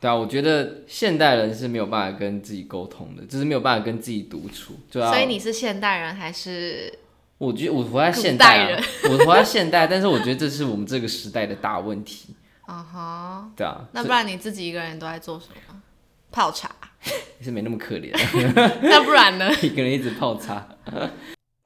對啊，我覺得現代人是沒有辦法跟自己溝通的，就是沒有辦法跟自己獨處，就要，所以你是現代人還是？我覺得我活在現代、啊、古代人， 我活在現代，但是我覺得這是我們這個時代的大問題。啊哈、uh，huh. 對啊，那不然你自己一個人都在做什麼？以泡茶。也是沒那麼可憐。 那不然呢？一個人一直泡茶。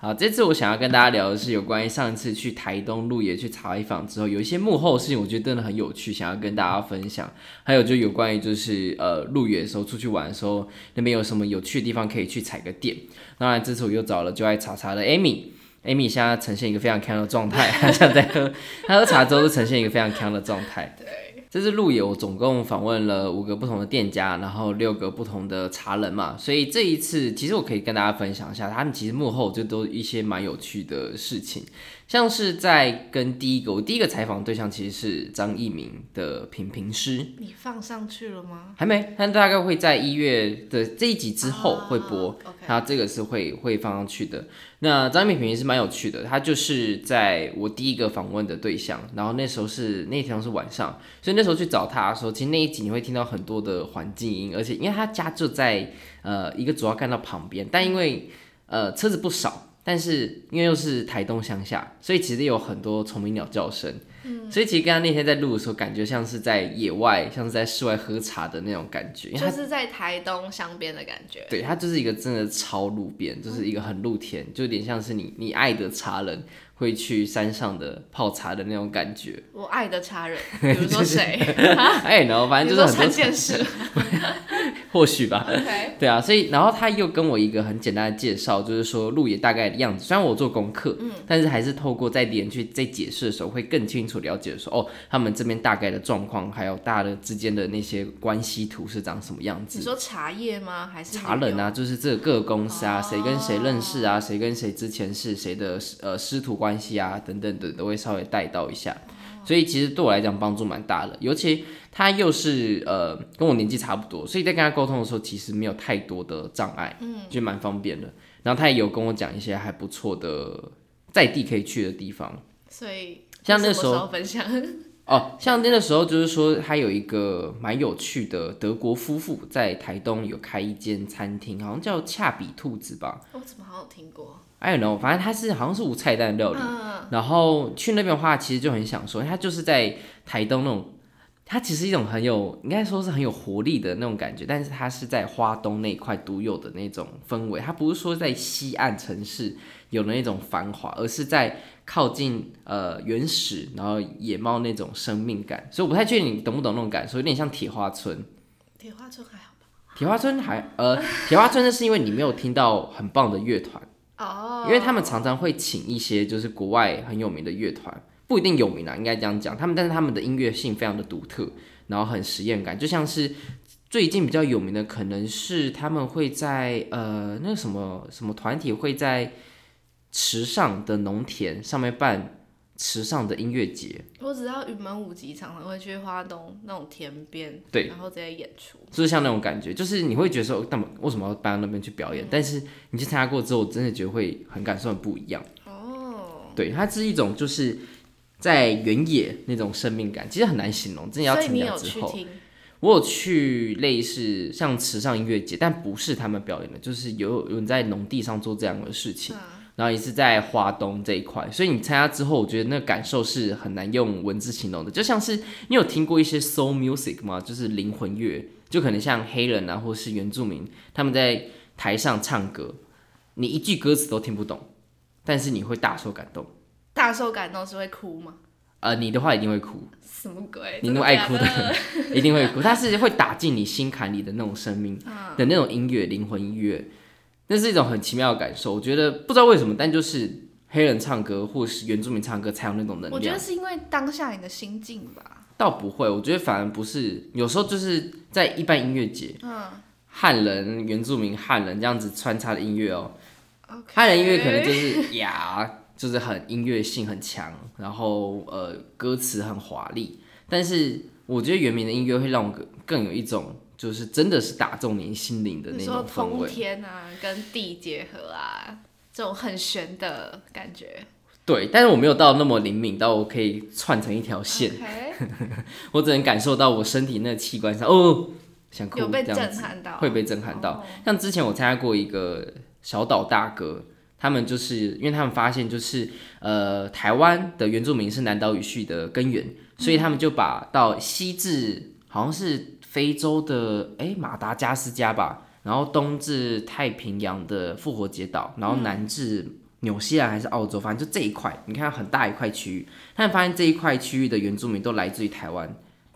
好，這次我想要跟大家聊的是有關於上一次去台東鹿野去茶藝坊之後，有一些幕後的事情，我覺得真的很有趣，想要跟大家分享。還有就有關於就是呃鹿野的時候出去玩的時候，那邊有什麼有趣的地方可以去踩個點。當然，這次我又找了就愛茶茶的 Amy，Amy 現在呈現一個非常康的狀態， 她在喝她喝茶之後就呈現一個非常康的狀態。對。這次鹿野，我總共訪問了五個不同的店家，然後六個不同的茶人嘛，所以這一次其實我可以跟大家分享一下，他們其實幕後就都一些蠻有趣的事情。像是在跟第一個，我第一個採訪對象其實是張藝明的品評師。你放上去了嗎？還沒，他大概會在一月的這一集之後會播，啊 okay，他這個是會會放上去的。那張藝明平時是蠻有趣的，他就是在我第一個訪問的對象，然後那時候是那天是晚上，所以那時候去找他的時候，其實那一集你會聽到很多的環境音，而且因為他家就在呃一個主要幹道旁邊，但因為呃車子不少。但是因為又是台東鄉下，所以其實有很多蟲鳴鳥叫聲。嗯、所以其實剛剛那天在錄的時候，感覺像是在野外，像是在室外喝茶的那種感覺。就是在台東鄉邊的感覺。對，它就是一個真的超路邊，就是一個很露天，嗯、就有點像是你你愛的茶人會去山上的泡茶的那種感覺。我愛的茶人，比如說誰？哎、 就是，然後 反正就是很現實。 或許吧，Okay. 對啊，所以然後他又跟我一個很簡單的介紹，就是說鹿野大概的樣子。雖然我做功課，嗯，但是還是透過在連續在解釋的時候，會更清楚了解說，哦，他們這邊大概的狀況，還有大家的之間的那些關係圖是長什麼樣子。你說茶葉嗎？還是茶人啊？就是這個，各個公司啊，誰跟誰認識啊，誰跟誰之前是誰的呃師徒關係啊，等等等等，都會稍微帶到一下。所以其實對我來講幫助蠻大的，尤其他又是呃跟我年紀差不多，所以在跟他溝通的時候其實沒有太多的障礙，嗯，就蠻方便的。然後他也有跟我講一些還不錯的在地可以去的地方。所以像那時候,時候分享哦，像那時候就是說他有一個蠻有趣的德國夫婦在台東有開一間餐廳，好像叫恰比兔子吧？我怎麼好像聽過？哎，no，反正它是好像是無菜單的料理。嗯、然後去那邊的話，其實就很享受。它就是在台東那種，它其實一種很有，應該說是很有活力的那種感覺。但是它是在花東那塊獨有的那種氛圍。它不是說在西岸城市有那種繁華，而是在靠近呃原始，然後野貓那種生命感。所以我不太確定你懂不懂那種感受，有點像鐵花村。鐵花村還好吧？鐵花村還，呃，鐵花村那是因為你沒有聽到很棒的樂團。哦，因為他們常常會請一些就是國外很有名的樂團，不一定有名啊，應該這樣講。他們但是他們的音樂性非常的獨特，然後很實驗感，就像是最近比較有名的，可能是他們會在呃那個什麼什麼團體會在池上的農田上面辦。池上的音樂節，我只知道雲門舞集常常會去花東那種田邊，對，然後直接演出就是像那種感覺，就是你會覺得說他們為什麼要搬到那邊去表演，嗯、但是你去參加過之後，真的覺得會很感受很不一樣哦。對，它是一種就是在原野那種生命感，其實很難形容。真的要參加之後，有我有去類似像池上音樂節，但不是他們表演的，就是有有人在農地上做這樣的事情。然後也是在花東這一塊，所以你參加之後，我覺得那個感受是很難用文字形容的。就像是你有聽過一些 soul music 嗎？就是靈魂樂，就可能像黑人啊，或是原住民，他們在台上唱歌，你一句歌詞都聽不懂，但是你會大受感動。大受感動是會哭嗎？呃，你的話一定會哭。什麼鬼？你那麼愛哭的人，的的 一定會哭。它是會打進你心坎裡的那種生命的那種音樂，嗯、靈魂音樂。那是一種很奇妙的感受，我覺得不知道為什麼，但就是黑人唱歌或是原住民唱歌才有那種能量。我覺得是因為當下你的心境吧。倒不會，我覺得反而不是，有時候就是在一般音樂節，嗯，漢人、原住民、漢人這樣子穿插的音樂哦、喔，Okay 漢人音樂可能就是呀，yeah, 就是很音樂性很強，然後呃歌詞很華麗，嗯、但是我覺得原民的音樂會讓我更更有一種。就是真的是打中您心靈的那種氛圍，通天啊，跟地結合啊，這種很玄的感覺。對，但是我沒有到那麼靈敏，到我可以串成一條線。Okay. 我只能感受到我身體那個器官上，哦，想哭，有被震撼到，會被震撼到。哦、像之前我參加過一個小島大哥，他們就是因為他們發現，就是呃，台灣的原住民是南島語系的根源，嗯、所以他們就把到西至好像是，非洲的，哎，馬達加斯加吧，然後東至太平洋的復活節島，然後南至紐西蘭還是澳洲，反正、嗯、就這一塊，你看很大一塊區域，他們發現這一塊區域的原住民都來自於台灣。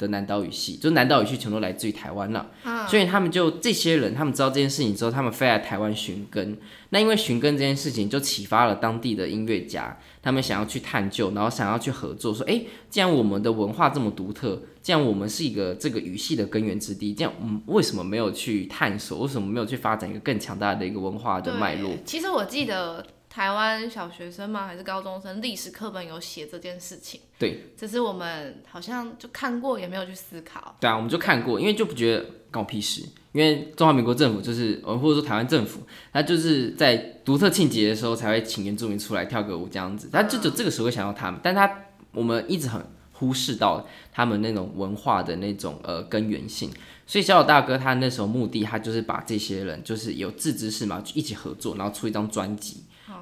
的南島語系，就南島語系全都來自於台灣了，啊、所以他們就這些人，他們知道這件事情之後，他們飛來台灣尋根。那因為尋根這件事情，就啟發了當地的音樂家，他們想要去探究，然後想要去合作，說，哎、欸，既然我們的文化這麼獨特，既然我們是一個這個語系的根源之地，這樣，我們為什麼沒有去探索？為什麼沒有去發展一個更強大的一個文化的脈絡？其實我記得、嗯。台灣小學生嗎？還是高中生？歷史課本有寫這件事情。對，只是我們好像就看過，也沒有去思考。對啊，我們就看過，因為就不覺得搞屁事。因為中華民國政府就是我們或者說台灣政府，他就是在獨特慶節的時候才會請原住民出來跳個舞這樣子。他就就這個時候會想到他們，嗯、但他我們一直很忽視到他們那種文化的那種呃根源性。所以小老大哥他那時候目的，他就是把這些人就是有志之士嘛，就一起合作，然後出一張專輯。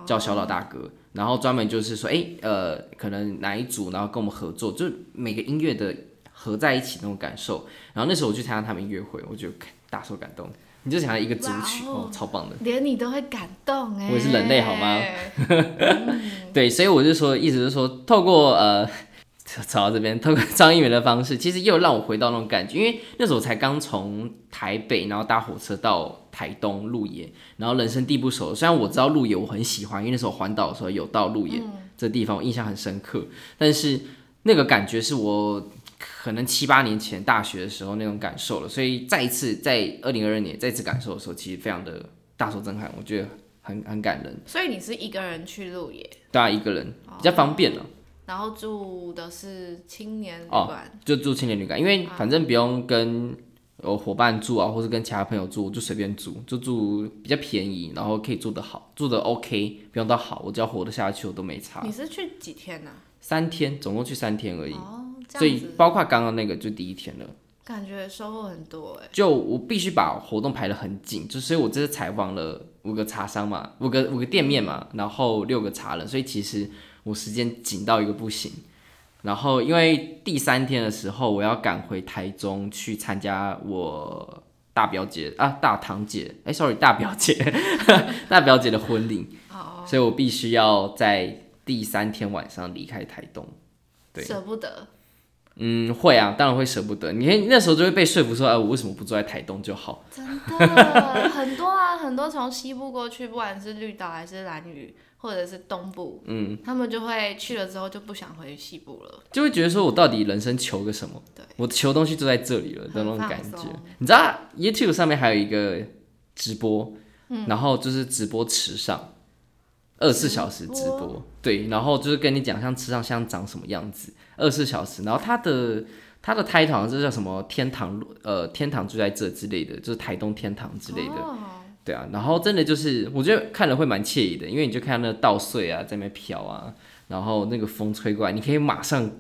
叫小老大哥，嗯、然後專門就是說，哎，呃，可能哪一組，然後跟我們合作，就是每個音樂的合在一起那種感受。然後那時候我去參加他們音樂會，我就大受感動。你就想要一個組曲，哦，哦，超棒的，連你都會感動耶，我也是人類好嗎？ 嗯、對，所以我就說，意思就是說，透過呃。走到這邊，通過張藝元的方式，其實又讓我回到那種感覺，因為那時候才剛從台北，然後搭火車到台東鹿野，然後人生地不熟。雖然我知道鹿野，我很喜歡，因為那時候環島的時候有到鹿野、嗯、這地方，我印象很深刻。但是那個感覺是我可能七八年前大學的時候那種感受了。所以再一次在二零二二年再一次感受的時候，其實非常的大受震撼，我覺得很很感人。所以你是一個人去鹿野？對啊，一個人比較方便了。Oh. 然後住的是青年旅館、哦，就住青年旅館，因為反正不用跟我夥伴住啊，或者跟其他朋友住，我就隨便住，就住比較便宜，然後可以住得好，住得 OK，不用到好，我只要活得下去，我都沒差。你是去幾天呢？啊？三天，總共去三天而已，哦、所以包括剛剛那個就第一天了。感覺收穫很多。欸、就我必須把活動排得很緊，就所以我這次採訪了五個茶商嘛，五個五個店面嘛，然後六個茶人，所以其實。我時間緊到一個不行，然後因為第三天的時候我要趕回台中去參加我大表姐啊大堂姐哎、欸、，sorry 大表姐 大表姐的婚禮，oh. 所以，我必須要在第三天晚上離開台東。舍不得？嗯，會啊，當然會舍不得。你看那時候就會被說服說，哎、啊，我為什麼不坐在台東就好？真的 很多啊，很多從西部過去，不管是綠島還是蘭嶼。或者是東部，嗯，他們就會去了之後就不想回西部了，就會覺得說我到底人生求個什麼？嗯、對，我求東西就在這裡了，這種感覺。你知道 YouTube 上面還有一個直播，嗯、然後就是直播池上，二十四小時直播，哦、對，然後就是跟你講像池上像長什麼樣子，二十四小時，然後它的它的 title 是叫什麼天堂呃，天堂住在這之類的，就是台東天堂之類的。哦對啊，然後真的就是，我覺得看了會蠻愜意的，因為你就看到那個稻穗啊在那邊飄啊，然後那個風吹過來，你可以馬上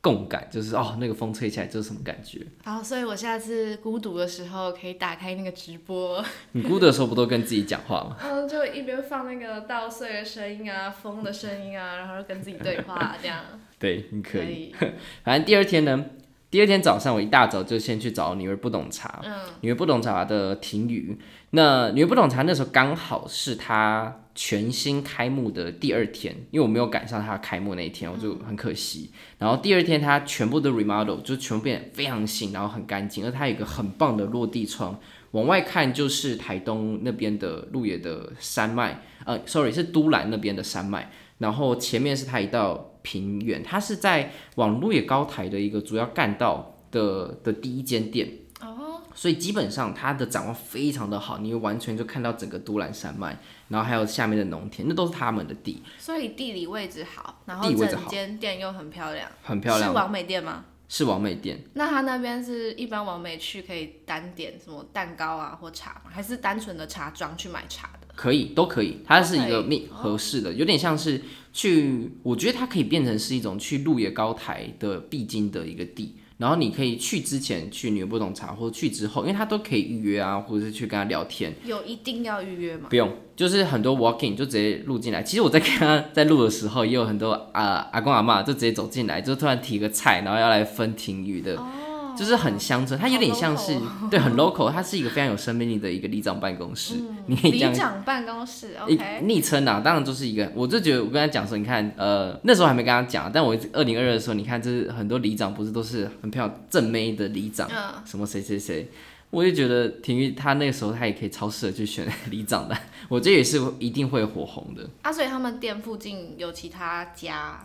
共感，就是哦那個風吹起來就是什麼感覺。好，所以我下次孤獨的時候可以打開那個直播。你孤獨的時候不都跟自己講話嗎？ 嗯，就一邊放那個稻穗的聲音啊，風的聲音啊，然後跟自己對話、啊、 這樣。對，你可以。反正以第二天呢？第二天早上，我一大早就先去找女兒不懂茶。嗯、女兒不懂茶的停雨，那女兒不懂茶那時候剛好是它全新開幕的第二天，因為我沒有趕上它開幕那一天，我就很可惜。嗯、然後第二天，它全部都 remodel，就全部變得非常新，然後很乾淨。而它有一個很棒的落地窗，往外看就是台東那邊的鹿野的山脈。呃，sorry，是都蘭那邊的山脈。然後前面是它一道。平原，它是在往鹿野高台的一個主要幹道的的第一間店哦，oh. 所以基本上它的展望非常的好，你完全就看到整個都蘭山脈，然後還有下面的農田，那都是他們的地，所以地理位置好，然後整間店又很漂亮，很漂亮，是網美店嗎？是網美店，那他那邊是一般網美去可以單點什麼蛋糕啊，或茶嗎？還是單純的茶莊去買茶的？可以，都可以，它是一個密合適的，以有點像是去，嗯、我覺得它可以變成是一種去鹿野高台的必經的一個地。然後你可以去之前去女游不動茶或者去之後，因為他都可以預約啊，或者是去跟他聊天。有一定要預約嗎？不用，就是很多 walking 就直接錄進來。其實我在跟他在錄的時候，也有很多啊阿公阿嬤就直接走進來，就突然提個菜，然後要來分庭語的。哦。就是很鄉村，它有點像是、喔、對很 local，它是一個非常有生命力的一個里長辦公室，嗯、你可以這樣，里長辦公室，OK，昵稱啊，當然就是一個，我就覺得我跟他講說，你看，呃，那時候還沒跟他講，但我二零二二的時候，你看，就是很多里長不是都是很漂亮正妹的里長，嗯、什麼誰誰誰，我就覺得田玉他那個時候他也可以超適合去選里長的，我覺得也是一定會火紅的。嗯、啊，所以他們店附近有其他家。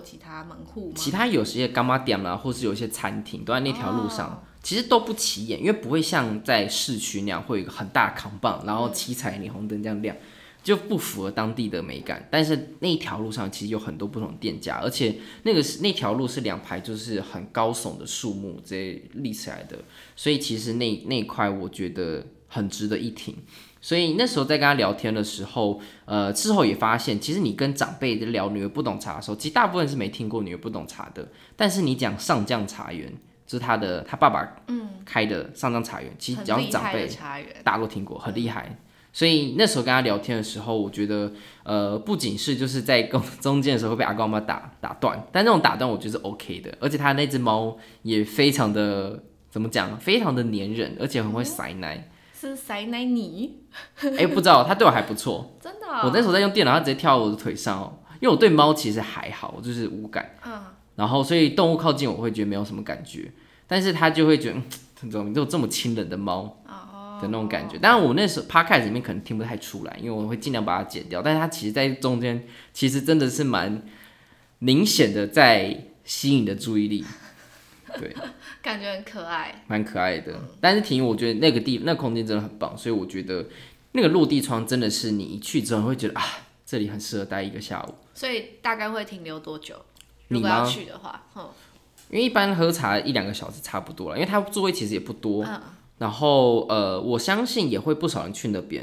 其他門戶，其他有些乾媽店啦、啊，或是有些餐廳都在那條路上。哦、其實都不起眼，因為不會像在市區那樣會有一個很大的扛棒，然後七彩霓虹燈這樣亮，嗯、就不符合當地的美感。但是那一條路上其實有很多不同店家，而且那個是那條路是兩排就是很高聳的樹木這立起來的，所以其實那那塊我覺得很值得一停。所以那時候在跟他聊天的時候，呃，事後也發現，其實你跟長輩聊女兒不懂茶的時候，其實大部分是沒聽過女兒不懂茶的。但是你講上將茶園，就是他的他爸爸開的上將茶園，嗯、其實只要長輩大都聽過，很厲害。嗯、所以那時候跟他聊天的時候，我覺得，呃，不僅是就是在中間的時候會被阿公阿嬤打打斷，但那種打斷我覺得是 OK 的。而且他那只貓也非常的怎麼講，非常的粘人，而且很會塞奶。嗯是塞奶你？哎、 欸，不知道，他對我還不錯，真的，喔。我那時候在用電腦，它直接跳到我的腿上哦，喔，因為我對貓其實還好，我就是無感。嗯，然後所以動物靠近我會覺得沒有什麼感覺，但是它就會覺得很，嗯、怎麼，你都有這麼親人的貓的那種感覺。哦，當然我那時候趴開 Podcast 裡面可能聽不太出來，因為我會儘量把它剪掉，但是它其實，在中間其實真的是蠻明顯的，在吸引你的注意力。對，感覺很可愛，蠻可愛的。嗯、但是婷，我覺得那個地，那空間真的很棒，所以我覺得那個落地窗真的是你一去之後你會覺得啊，這裡很適合待一個下午。所以大概會停留多久？你要去的話，你嗎？嗯、因為一般喝茶一兩個小時差不多了，因為他座位其實也不多。嗯、然後呃，我相信也會不少人去那邊。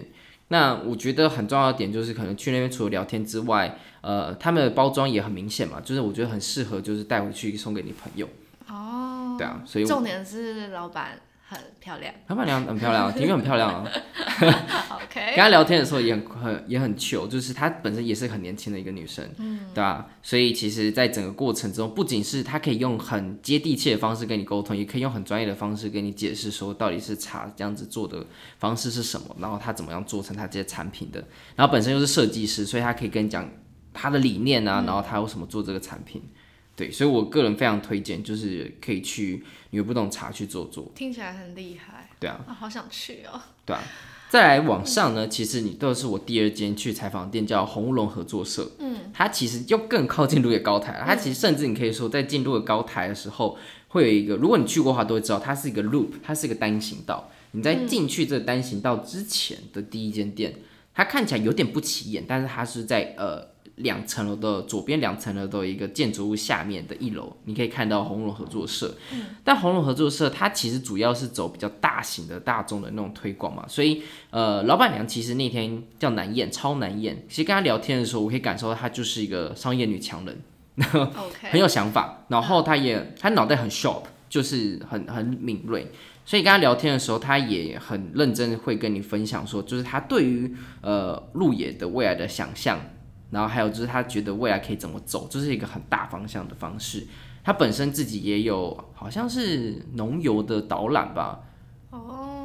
那我覺得很重要的點就是，可能去那邊除了聊天之外，呃，他們的包裝也很明顯嘛，就是我覺得很適合就是帶回去送給你朋友。哦，對啊，所以重點是老闆很漂亮，老闆娘很漂亮，很漂亮，的確很漂亮啊。 OK，跟他聊天的時候也很很也很糗，就是她本身也是很年輕的一個女生，嗯，對吧、啊？所以其實，在整個過程中，不僅是她可以用很接地氣的方式跟你溝通，也可以用很專業的方式跟你解釋說到底是茶這樣子做的方式是什麼，然後她怎麼樣做成她這些產品的，然後本身又是設計師，所以她可以跟你講她的理念啊，嗯、然後她為什麼做這個產品。對，所以我個人非常推薦，就是可以去有不懂茶去坐坐。聽起來很厲害。對啊、哦，好想去哦。對啊，再來往上呢，嗯、其實你都是我第二間去採訪店，叫紅烏龍合作社。嗯。它其實就更靠近鹿野高台了。它其實甚至你可以說，在進入鹿野高台的時候，會有一個，嗯、如果你去過的話，都會知道，它是一個 loop，它是一個單行道。你在進去這個單行道之前的第一間店，嗯、它看起來有點不起眼，但是它是在呃。兩層樓的左邊，兩層樓的一個建築物下面的一樓，你可以看到紅龍合作社。嗯、但紅龍合作社它其實主要是走比較大型的、大眾的那種推廣嘛。所以，呃，老板娘其實那天叫難燕，超難燕。其實跟她聊天的時候，我可以感受到她就是一個商業女強人呵呵 Okay. 很有想法。然後她也，她腦袋很 sharp，就是很很敏銳。所以跟她聊天的時候，她也很認真會跟你分享說，就是她對於呃鹿野的未來的想象。然後還有就是他覺得未來可以怎麼走，這、就是一個很大方向的方式。他本身自己也有好像是農遊的導覽吧，哦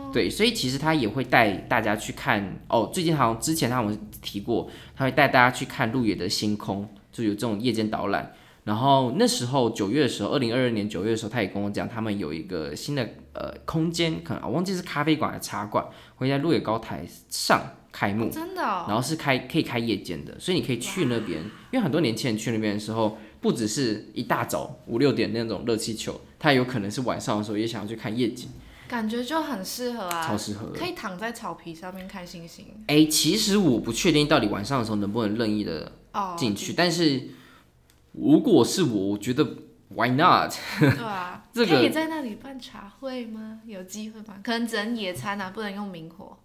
，oh. 對，所以其實他也會帶大家去看。哦，最近好像之前他有提過，他會帶大家去看鹿野的星空，就有這種夜間導覽。然後那時候九月的時候，二零二二年九月的時候，他也跟我講，他們有一個新的。呃，空間可能我、啊、忘記是咖啡館還是茶館，會在鹿野高台上開幕，哦、真的、哦。然後是開可以開夜間的，所以你可以去那邊，哇因為很多年輕人去那邊的時候，不只是一大早五六點那種熱氣球，他有可能是晚上的時候也想要去看夜景，感覺就很適合啊，超適合，可以躺在草皮上面看星星。哎，其實我不確定到底晚上的時候能不能任意的進去，哦、但是如果是我，我覺得。Why not？對啊， 這個、可以在那裡辦茶會嗎？有機會嗎？可能只能野餐啊，不能用明火。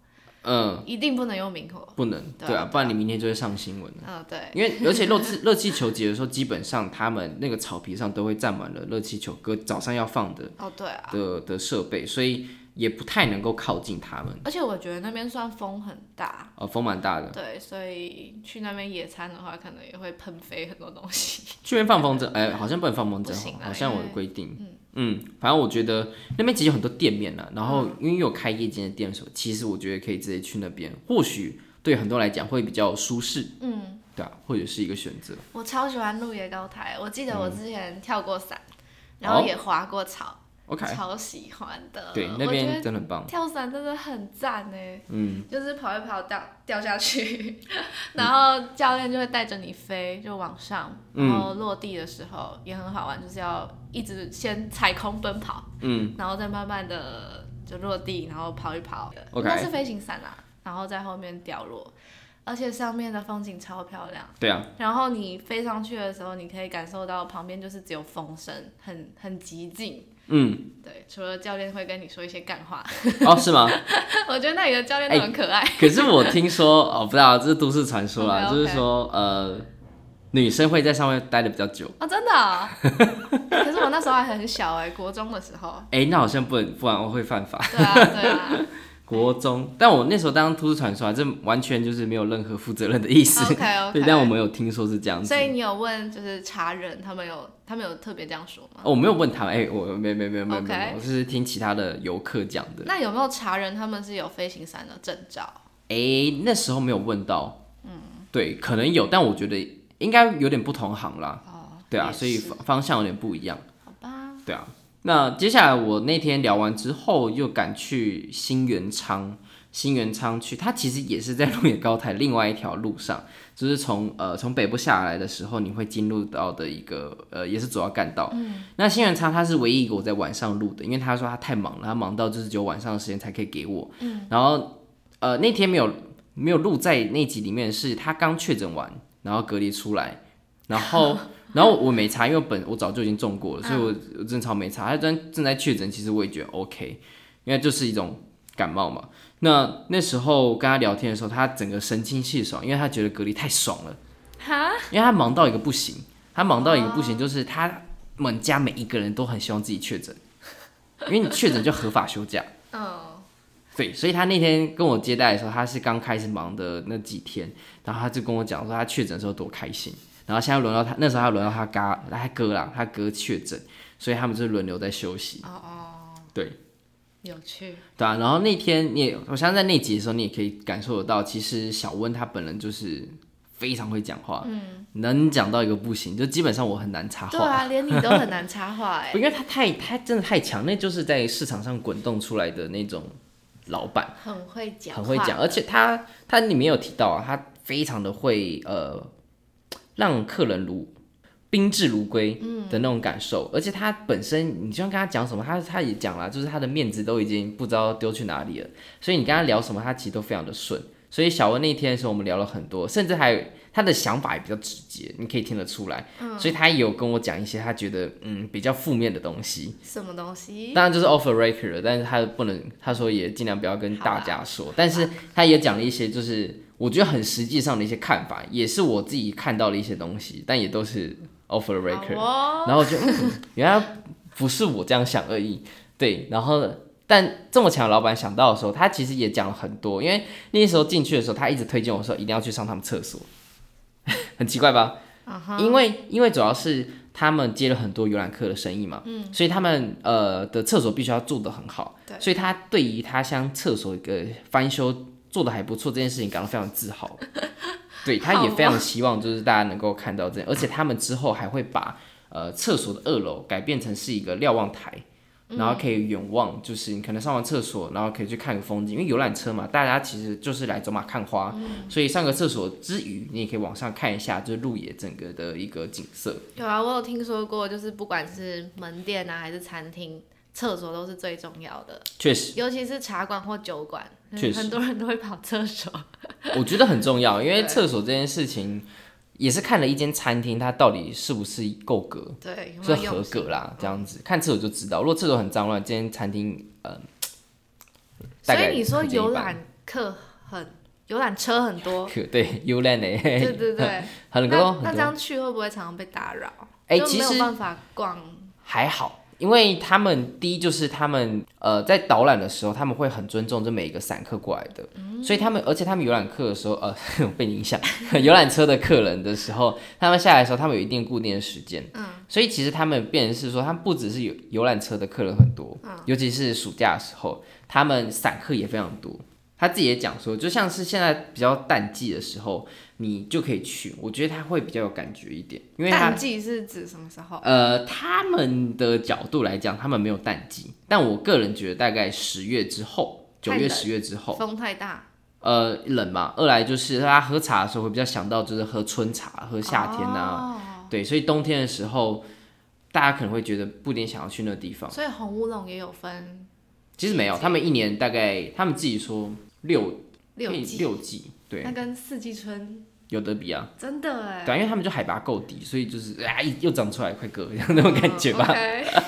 嗯、呃，一定不能用明火。不能，對啊，不然你明天就會上新聞了。嗯、哦，對，因為而且熱氣熱氣球節的時候，基本上他們那個草皮上都會站滿了熱氣球，哥早上要放的。哦，對啊。的的設備，所以。也不太能夠靠近他們，而且我覺得那邊算風很大，呃、哦，風蠻大的，對，所以去那邊野餐的話，可能也會噴飛很多東西。去那邊放風箏，哎、嗯欸，好像不能放風箏，好像我有規定。欸、嗯嗯，反正我覺得那邊其實有很多店面啦，然後因為有開夜間的店的時候，所、嗯、其實我覺得可以直接去那邊，或許對很多來講會比較舒適。嗯，對啊，或者是一個選擇。我超喜歡鹿野高台，我記得我之前跳過傘，嗯、然後也滑過草。哦 Okay, 超喜歡的，對，那邊我覺得真的很棒。跳傘真的很讚呢，嗯，就是跑一跑掉，掉掉下去，然後教練就會帶着你飛，就往上，嗯，然後落地的時候也很好玩，就是要一直先踩空奔跑，嗯，然後再慢慢的就落地，然後跑一跑，那是飛行傘啊，然後在後面掉落，而且上面的風景超漂亮。對啊，然後你飛上去的時候，你可以感受到旁邊就是只有風聲，很很寂靜嗯，對，除了教練會跟你說一些幹話哦，是嗎？ 我覺得那裡的教練都很可愛，欸。可是我聽說哦，不知道，啊，這是都市傳說啊， okay, okay 就是說呃，女生會在上面待得比較久啊、哦，真的，哦？ 可是我那時候還很小哎，欸，國中的時候哎，欸，那好像不不然我會犯法。對啊。對啊國中，但我那時候當都市傳說，這完全就是沒有任何負責任的意思。Okay, okay. 對，但我沒有聽說是這樣子。所以你有問就是茶人，他們有他們有特別這樣說嗎？哦，我沒有問他們，哎、欸，我沒有沒有沒有沒有，Okay. 我是聽其他的遊客講的。那有沒有茶人他們是有飛行傘的證照？哎、欸，那時候沒有問到，嗯，對，可能有，但我覺得應該有點不同行啦。哦，對啊，是所以方向有點不一樣。好吧。對啊。那接下來我那天聊完之後，又趕去新元昌。新元昌去，他其實也是在鹿野高台另外一條路上，就是從呃從北部下來的時候，你會進入到的一個呃也是主要幹道。嗯。那新元昌他是唯一一個我在晚上錄的，因為他說他太忙了，他忙到就是只有晚上的時間才可以給我。嗯。然後呃那天沒有沒有錄在那集裡面，是他剛確診完，然後隔離出來，然後。嗯然後我沒查，因為本我早就已經中過了，所以我，我正常沒查。他正正在確診，其實我也覺得 OK，因為就是一種感冒嘛。那那時候跟他聊天的時候，他整個神清氣爽，因為他覺得隔離太爽了。哈蛤，因為他忙到一個不行，他忙到一個不行，就是他、哦、他們家每一個人都很希望自己確診，因為你確診就合法休假。哦。對，所以他那天跟我接待的時候，他是剛開始忙的那幾天，然後他就跟我講說他確診的時候多開心。然後現在輪到他，那時候還輪到他哥，他哥啦，他哥確診，所以他們就輪流在休息。哦哦，對，有趣。對啊，然後那天你也，我相信在那集的時候，你也可以感受得到，其實小溫他本人就是非常會講話，嗯，能講到一個不行，就基本上我很難插話。對啊，連你都很難插話哎，欸。 不，因為他太，他真的太強，那就是在市場上滾動出來的那種老闆，很會講，很會講，而且他他裡面有提到，啊，他非常的會呃。讓客人如賓至如歸的那種感受，嗯、而且他本身，你就像跟他講什麼，他他也講了，就是他的面子都已經不知道丟去哪裡了。所以你跟他聊什麼，他其實都非常的順。所以小文那一天的時候，我們聊了很多，甚至還他的想法也比較直接，你可以聽得出來。嗯、所以他也有跟我講一些他覺得嗯比較負面的東西，什麼東西？當然就是 offer record 了，但是他不能，他說也盡量不要跟大家說，啊啊、但是他也講了一些就是。我覺得很實際上的一些看法，也是我自己看到的一些東西，但也都是 off the record、哦。然後就、嗯、 原來不是我這樣想而已，對。然後，但這麼強的老板想到的時候，他其實也講了很多。因為那時候進去的時候，他一直推薦我說一定要去上他們廁所， 很奇怪吧？Uh huh. 因為因為主要是他們接了很多遊覽客的生意嘛，嗯、所以他們呃的廁所必須要做得很好。對所以他對於他鄉廁所一個、呃、翻修。做得還不錯，這件事情感到非常自豪。 對，他也非常的希望就是大家能夠看到這樣、個，吧而且他們之後還會把呃廁所的二樓改變成是一個瞭望台，嗯、然後可以遠望，就是你可能上完廁所，然後可以去看個風景。因為遊覽車嘛，大家其實就是來走馬看花，嗯、所以上個廁所之餘，你也可以往上看一下，就是鹿野整個的一個景色。有啊，我有聽說過，就是不管是門店啊，還是餐廳。廁所都是最重要的，確實，尤其是茶館或酒館，很多人都會跑廁所。我覺得很重要，因為廁所這件事情也是看了一間餐廳，它到底是不是夠格，對，是合格啦，這樣子看廁所就知道，如果廁所很髒亂，這間餐廳，所以你說遊覽客很遊覽車很多，對，遊覽的，對對對，很多。那這樣去會不會常常被打擾？哎，其實沒有辦法逛，還好。因為他們第一就是他們呃在導覽的時候他們會很尊重這每一個散客過來的，嗯、所以他們而且他們遊覽客的時候呃呵呵我被你影響遊覽車的客人的時候，他們下來的時候他們有一定固定的時間，嗯、所以其實他們變成是說，他們不只是遊遊覽車的客人很多，嗯、尤其是暑假的時候，他們散客也非常多。他自己也講說，就像是現在比較淡季的時候。你就可以去，我覺得他會比較有感覺一點，因為淡季是指什麼時候？呃，他們的角度來講，他們沒有淡季，但我個人覺得大概十月之後，九冷月，十月之後，風太大，呃，冷嘛。二來就是大家喝茶的時候會比較想到就是喝春茶、喝夏天啊，哦、對，所以冬天的時候大家可能會覺得不一定想要去那個地方。所以紅烏龍也有分，其實沒有，他們一年大概他們自己說六六季六季，對，那跟四季春。有得比啊，真的哎，對，因為他們就海拔夠低，所以就是啊、呃，又長出來一塊割，像那種感覺吧，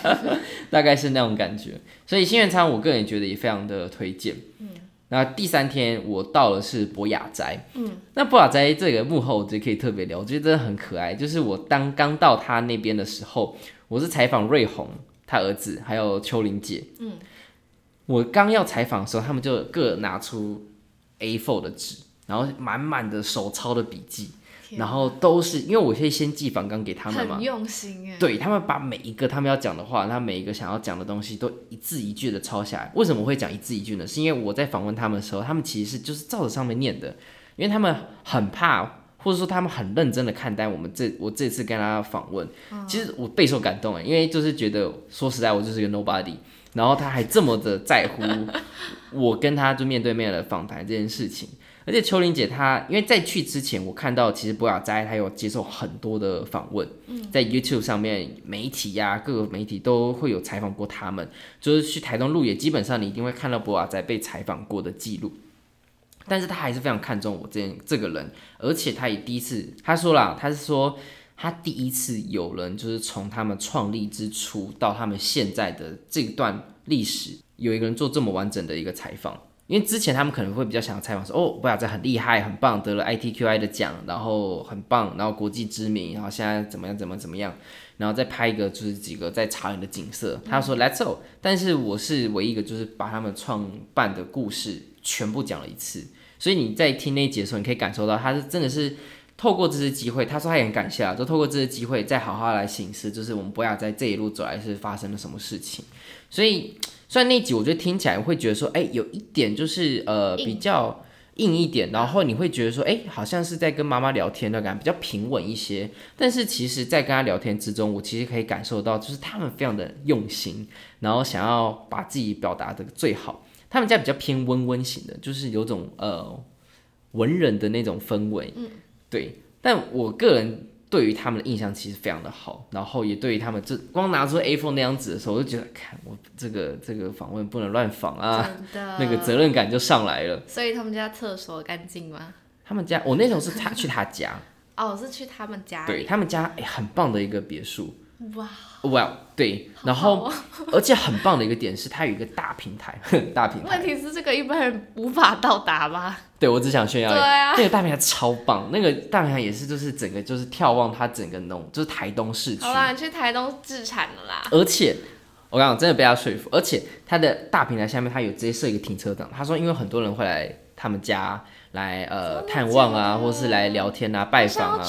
嗯、 大概是那種感覺。所以新元昌，我個人也覺得也非常的推薦。嗯，那第三天我到的是博雅齋，嗯，那博雅齋這個幕後，我覺得可以特別聊，我覺得真的很可愛。就是我當剛到他那邊的時候，我是採訪瑞紅，他兒子還有秋林姐，嗯，我剛要採訪的時候，他們就各拿出 A4 的紙。然後滿滿的手抄的筆記，哪然後都是因為我可以先寄訪綱給他們嘛，很用心對，他們把每一個他們要講的話，他每一個想要講的東西都一字一句的抄下來。為什麼會講一字一句呢？是因為我在訪問他們的時候，他們其實是就是照着上面念的，因為他們很怕，或者說他們很認真的看待我們這我這次跟他訪問。其實我備受感動啊，因為就是覺得說實在，我就是個 nobody，然後他還這麼的在乎我跟他就面對面的訪談這件事情。而且秋玲姐她，因為在去之前，我看到其實博雅齋她有接受很多的訪問，在 YouTube 上面媒體呀、啊，各個媒體都會有採訪過他們。就是去台東鹿野，基本上你一定會看到博雅齋被採訪過的記錄。但是他還是非常看重我這這個人，而且他也第一次他說啦，他是說他第一次有人就是從他們創立之初到他們現在的這段歷史，有一個人做這麼完整的一個採訪。因為之前他們可能會比較想要採訪說，哦，博雅在很厲害、很棒，得了 ITQI 的獎，然後很棒，然後國際知名，然後現在怎麼樣、怎麼怎麼樣，然後再拍一個就是幾個在茶園的景色。他說、嗯、Let's go，但是我是唯一一個就是把他們創辦的故事全部講了一次，所以你在聽那集的時候，你可以感受到他是真的是透過這次機會，他說他也很感謝、啊，就透過這次機會再好好來行事就是我們博雅在這一路走來是發生了什麼事情，所以。雖然那一集，我覺得聽起來會覺得說，哎、欸，有一點就是，呃，比較硬一點，嗯、然後你會覺得說，哎、欸，好像是在跟媽媽聊天的感覺，比較平穩一些。但是其實，在跟她聊天之中，我其實可以感受到，就是他們非常的用心，然後想要把自己表達的最好。他們家比較偏溫溫型的，就是有種呃文人的那種氛圍。嗯、對。但我個人。對於他們的印象其實非常的好，然後也對於他們，就光拿出 A4 那張紙的時候，我就覺得，看我這個這個訪問不能亂訪啊，的那個責任感就上來了。所以他們家廁所乾淨嗎？他們家，我那時候是他 去他家，哦，是去他們家，對他們家哎、欸，很棒的一個別墅。哇哇，wow, wow, 對，好好啊，然後而且很棒的一個點是，它有一個大平台，大平台。問題是這個一般人無法到達嗎？對，我只想炫耀。對啊，這個大平台超棒，那個大平台也是就是整個就是眺望它整個農就是台東市區。好啦，你去台東置產了啦。而且我剛剛真的被他說服，而且他的大平台下面他有直接設一個停車場。他說因為很多人會來他們家來呃的的探望啊，或是來聊天啊，拜訪啊。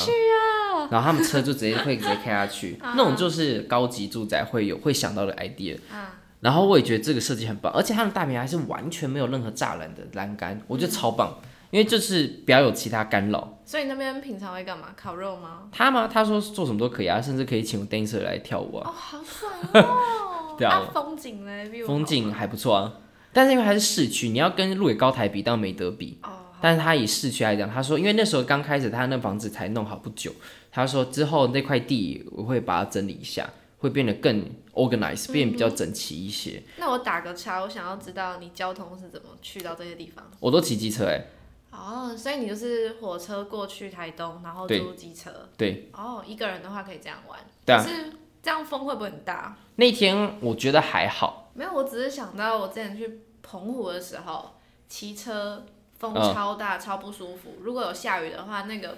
然後他們車就直接會直接開下去， uh、huh. 那種就是高級住宅會有會想到的 idea、uh。Huh. 然後我也覺得這個設計很棒，而且他們大門還是完全沒有任何柵欄的欄杆，我覺得超棒，嗯、因為就是不要有其他干擾。所以那邊平常會幹嘛？烤肉嗎？他嗎？他說做什麼都可以啊，甚至可以請 dancer 來跳舞啊。哦，oh, 好爽哦！ 對啊，風景呢，風景還不錯啊。Oh. 但是因為還是市區，你要跟鹿野高台比，當然沒得比。哦。Oh. 但是他以市區來講，他說，因為那時候剛開始他那房子才弄好不久。他說之後那塊地我會把它整理一下，會變得更 organized，變比較整齊一些，嗯。那我打個岔，我想要知道你交通是怎麼去到這些地方？我都騎機車哎，欸。哦，所以你就是火車過去台東，然後租機車對。對。哦，一個人的話可以這樣玩。但，啊，是這樣，風會不會很大？那天我覺得還好。沒有，我只是想到我之前去澎湖的時候騎車，風超大，嗯，超不舒服。如果有下雨的話，那個。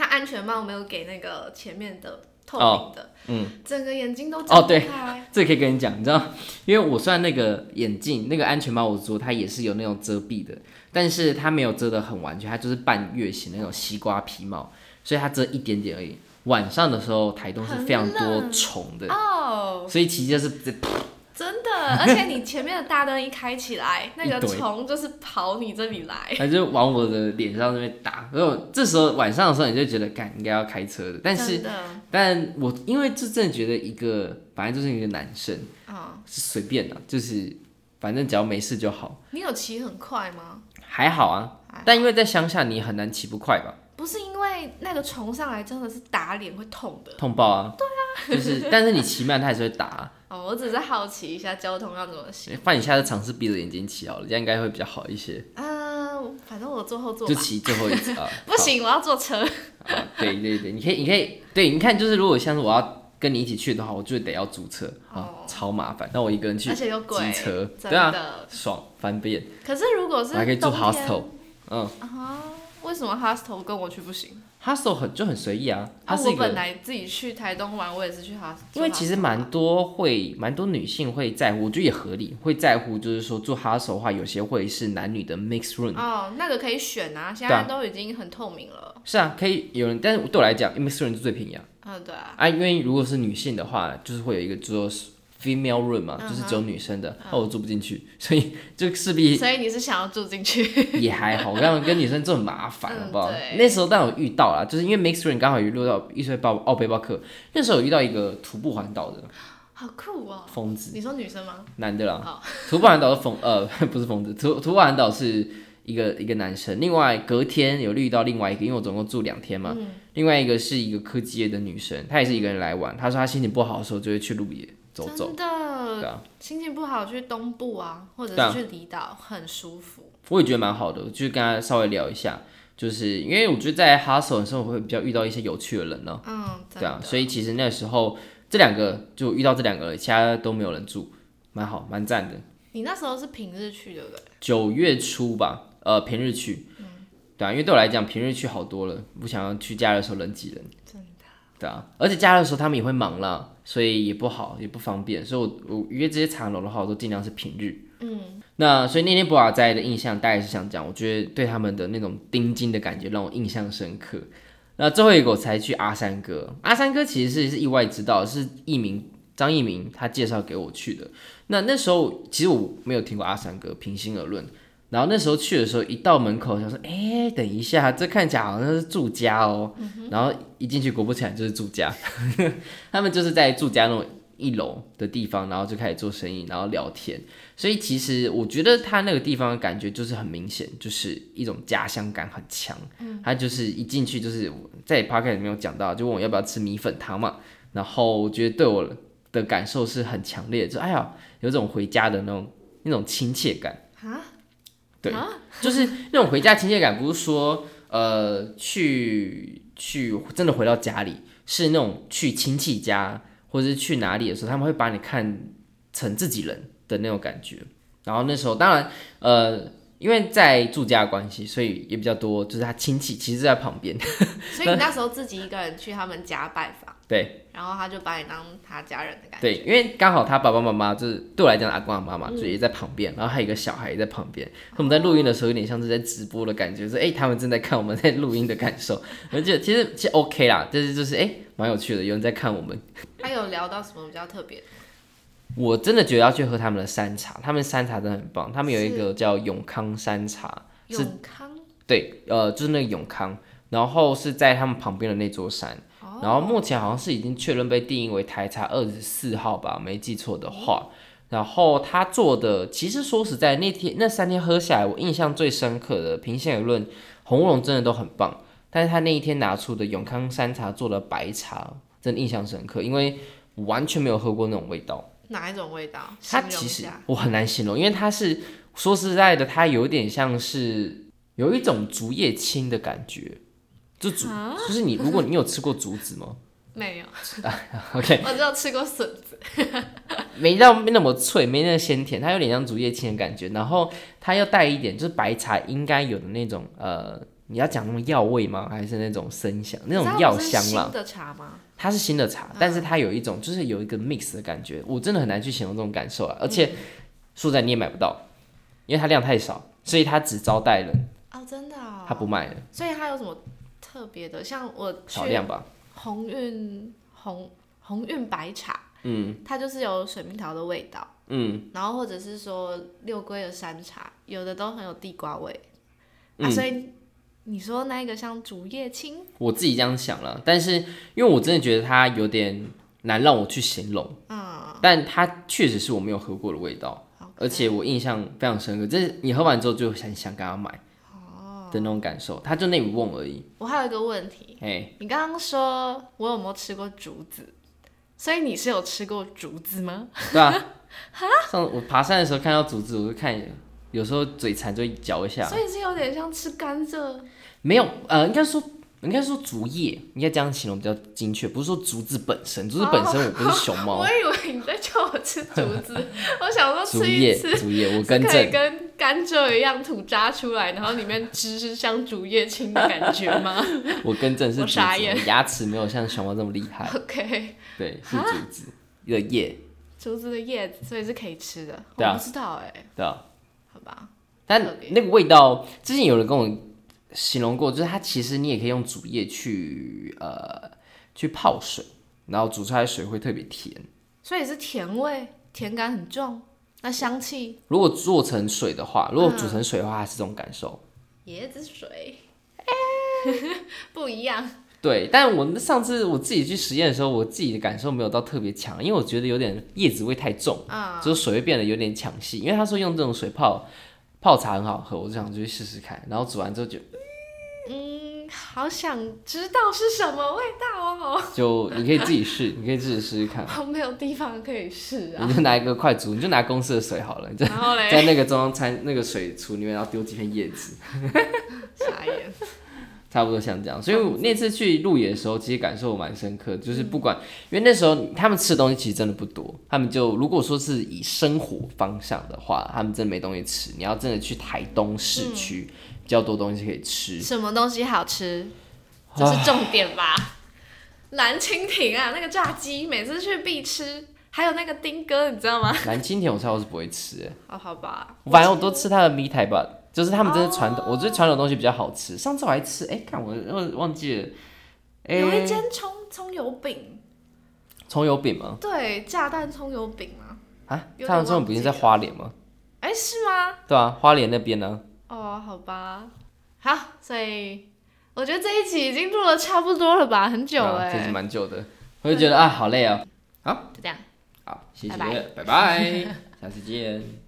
他安全帽沒有給那個前面的透明的，哦、嗯，整個眼睛都開。哦對，這可以跟你講，你知道，因為我算那個眼鏡那個安全帽，我做它也是有那種遮蔽的，但是它沒有遮得很完全，它就是半月形的那種西瓜皮帽，哦、所以它遮一點點而已。晚上的時候台東是非常多蟲的，哦，所以其實就是。真的，而且你前面的大燈一開起來， 堆那個蟲就是跑你這裡來，它就往我的臉上那邊打。然後、嗯、這時候晚上的時候，你就覺得幹應該要開車的，但是的但我因為就真的覺得一個，反正就是一個男生，嗯、是隨便的，就是反正只要沒事就好。你有騎很快嗎？還好啊，好但因為在鄉下，你很難騎不快吧？不是因為那個蟲上來真的是打臉會痛的，痛爆啊！對啊，就是，但是你騎慢，它還是會打、啊。哦，我只是好奇一下，交通要怎麼行？那、欸、你下次嘗試閉着眼睛騎好了，這樣應該會比較好一些。嗯、呃，反正我坐後座。就騎最後一次啊！ 呃、不行，我要坐車。啊、哦，對對對，你可以，你可以，對，你看，就是如果像是我要跟你一起去的話，我就得要租車啊、哦哦，超麻煩。那我一個人去，而且又貴租車，的對啊，爽方便。可是如果是我還可以坐 hostel 哦，嗯。啊哈。為什麼 hostel 跟我去不行？hostel 很就很隨意啊，啊我本來自己去台東玩，我也是去 hostel。因為其實蠻多會蠻多女性會在乎，我覺得也合理會在乎，就是說做 hostel 的話，有些會是男女的 mixed room。哦，那個可以選啊，現在都已經很透明了。啊是啊，可以有人，但是對我來講，mixed room 就最便宜啊。嗯，對啊。啊，因為如果是女性的話，就是會有一個桌 Female room 嘛，就是只有女生的，那我住不進去，所以就勢必。所以你是想要住進去？也還好，我剛剛跟女生住很麻煩，好不好？那時候但我遇到啦，就是因為 mixed room 剛好也落到一碎報哦背包客。那時候有遇到一個徒步環島的，好酷啊！瘋子，你說女生嗎？男的啦。好，徒步環島的瘋呃不是瘋子，徒徒步環島是一個一個男生。另外隔天有遇到另外一個，因為我總共住兩天嘛，另外一個是一個科技業的女生，她也是一個人來玩。她說她心情不好的時候就會去露營。走走真的，對啊，心情不好去東部啊，或者是去離島，啊、很舒服。我也覺得蠻好的，就跟他稍微聊一下，就是因為我覺得在哈 u 的時候我會比較遇到一些有趣的人呢、喔。嗯，對啊，所以其實那時候這兩個就遇到這兩個了，其他都沒有人住，蠻好，蠻讚的。你那時候是平日去的對，對？九月初吧，呃，平日去。嗯、對啊，因為對我來講，平日去好多了，不想要去家的時候人擠人。對啊，而且假的時候他們也會忙啦，所以也不好，也不方便。所以我，我我約這些茶樓的話，我都盡量是平日。嗯，那所以那天不二齋的印象，大概是想講，我覺得對他們的那種釘金的感覺讓我印象深刻。那最後一個我才去阿三哥，阿三哥其實是，是意外知道，是易名張一明他介紹給我去的。那那時候其實我沒有聽過阿三哥，平心而論。然後那時候去的時候，一到門口想說，誒，等一下，這看起來好像是住家哦。嗯、哼然後一進去，果不其然就是住家。 他們就是在住家那種一樓的地方，然後就開始做生意，然後聊天。所以其實我覺得他那個地方的感覺就是很明顯，就是一種家鄉感很強。他、嗯、就是一進去，就是在 podcast 沒有講到，就問我要不要吃米粉湯嘛。然後我覺得對我的感受是很強烈，就哎呀，有種回家的那種那種親切感哈對，啊、就是那種回家親切感，不是說呃去去真的回到家裡，是那種去親戚家或者是去哪裡的時候，他們會把你看成自己人的那種感覺。然後那時候當然呃，因為在住家的關係，所以也比較多，就是他親戚其實在旁邊。所以你那時候自己一個人去他們家拜訪？對，然後他就把你當他家人的感覺。對，因為剛好他爸爸媽媽就是對我來講，阿光的、啊、媽媽就也在旁邊，嗯、然後還有一個小孩也在旁邊。嗯、我們在錄音的時候有點像是在直播的感覺，說哎、哦欸，他們正在看我們在錄音的感受，而且是其實其實 OK 啦，就是就是哎，蠻有趣的，有人在看我們。他有聊到什麼比較特別？我真的覺得要去喝他們的山茶，他們山茶真的很棒。他們有一個叫永康山茶，是是永康是，對，呃，就是那個永康，然後是在他們旁邊的那座山。然後目前好像是已經確認被定義為台茶二十四號吧，沒記錯的話。嗯、然後他做的，其實說實在，那天那三天喝下來，我印象最深刻的，平心而論，紅烏龍真的都很棒。但是他那一天拿出的永康山茶做的白茶，真的印象深刻，因為我完全沒有喝過那種味道。哪一種味道？他其實我很難形容，因為他是說實在的，他有點像是有一種竹葉青的感覺。就煮、啊、就是你，如果你有吃過竹子嗎？ 沒有。 OK，我知道吃過筍子， 沒到那麼脆，沒那麼鮮甜，它有點像竹葉青的感覺，然後它又帶一點就是白茶應該有的那種呃，你要講那種藥味嗎？還是那種生香那種藥香了？是新的茶嗎？它是新的茶，但是它有一種就是有一個 mix 的感覺，啊、我真的很難去形容這種感受啊。而且、嗯、素在你也買不到，因為它量太少，所以它只招待人、嗯。哦，真的、哦？它不賣了。所以它有什麼？特別的，像我少量吧。紅韻、紅紅韻白茶，嗯，它就是有水蜜桃的味道，嗯，然後或者是說六龜的山茶，有的都很有地瓜味，啊，嗯、所以你說那個像竹葉青，我自己這樣想了，但是因為我真的覺得它有點難讓我去形容，啊、嗯，但它確實是我沒有喝過的味道，好而且我印象非常深刻，就是、嗯、你喝完之後就很想，想跟他買。的那種感受，他就那一瓮而已。我還有一個問題，哎嘿，你剛剛說，我有沒有吃過竹子，所以你是有吃過竹子嗎？對啊，哈，上我爬山的時候看到竹子，我就看，有時候嘴饞就會嚼一下，所以是有點像吃甘蔗，沒有，呃，應該說。應該說竹葉，應該這樣形容比較精確，不是說竹子本身，竹子本身我不是熊貓。哦，我以為你在叫我吃竹子， 我想說竹葉，竹葉，我更正。可以跟甘蔗一樣吐渣出來，然後裡面汁是像竹葉青的感覺嗎？ 我更正是竹葉，牙齒沒有像熊貓這麼厲害。OK，對，是竹子的葉。竹子的葉子，所以是可以吃的。啊、我不知道哎、欸。對、啊、好吧。但那個味道，之前有人跟我，形容過，就是它其實你也可以用煮葉去呃，去泡水，然後煮出來的水會特別甜，所以是甜味，甜感很重，那香氣如果做成水的話，如果煮成水的話、嗯、是這種感受，椰子水，哎、欸， 不一樣，對，但我上次我自己去實驗的時候，我自己的感受沒有到特別強，因為我覺得有點葉子味太重，啊、嗯，就是水會變得有點搶戲，因為他說用這種水泡泡茶很好喝，我就想去試試看，然後煮完之後就。嗯，好想知道是什麼味道哦！就你可以自己試， 你可以自己試試看。好，沒有地方可以試啊！你就拿一個快煮，你就拿公司的水好了。然後嘞，在那個中央餐那個水櫥裡面，然後丟幾片葉子。啥葉子？差不多像這樣，所以我那次去鹿野的時候，其實感受蠻深刻，就是不管，因為那時候他們吃的東西其實真的不多，他們就如果說是以生活方向的話，他們真的沒東西吃。你要真的去台東市區，嗯、比較多東西可以吃。什麼東西好吃？這是重點吧？啊、藍蜻蜓啊，那個炸雞，每次去必吃，還有那個丁哥，你知道嗎？藍蜻蜓我差不多是不會吃。哦，好，好吧。反正我都吃他的米台吧。就是他們真的傳統，我覺得傳統的東西比較好吃。上次我還吃，哎，看我忘記了，有一間蔥蔥油餅，蔥油餅嗎？對，炸蛋蔥油餅啊。啊，炸蛋蔥油餅不是在花蓮嗎？哎，是嗎？對啊，花蓮那邊呢？哦，好吧，好，所以我覺得這一期已經錄的差不多了吧？很久哎，確實蠻久的，我就覺得啊，好累啊。好，就這樣，好，謝謝，拜拜，下次見。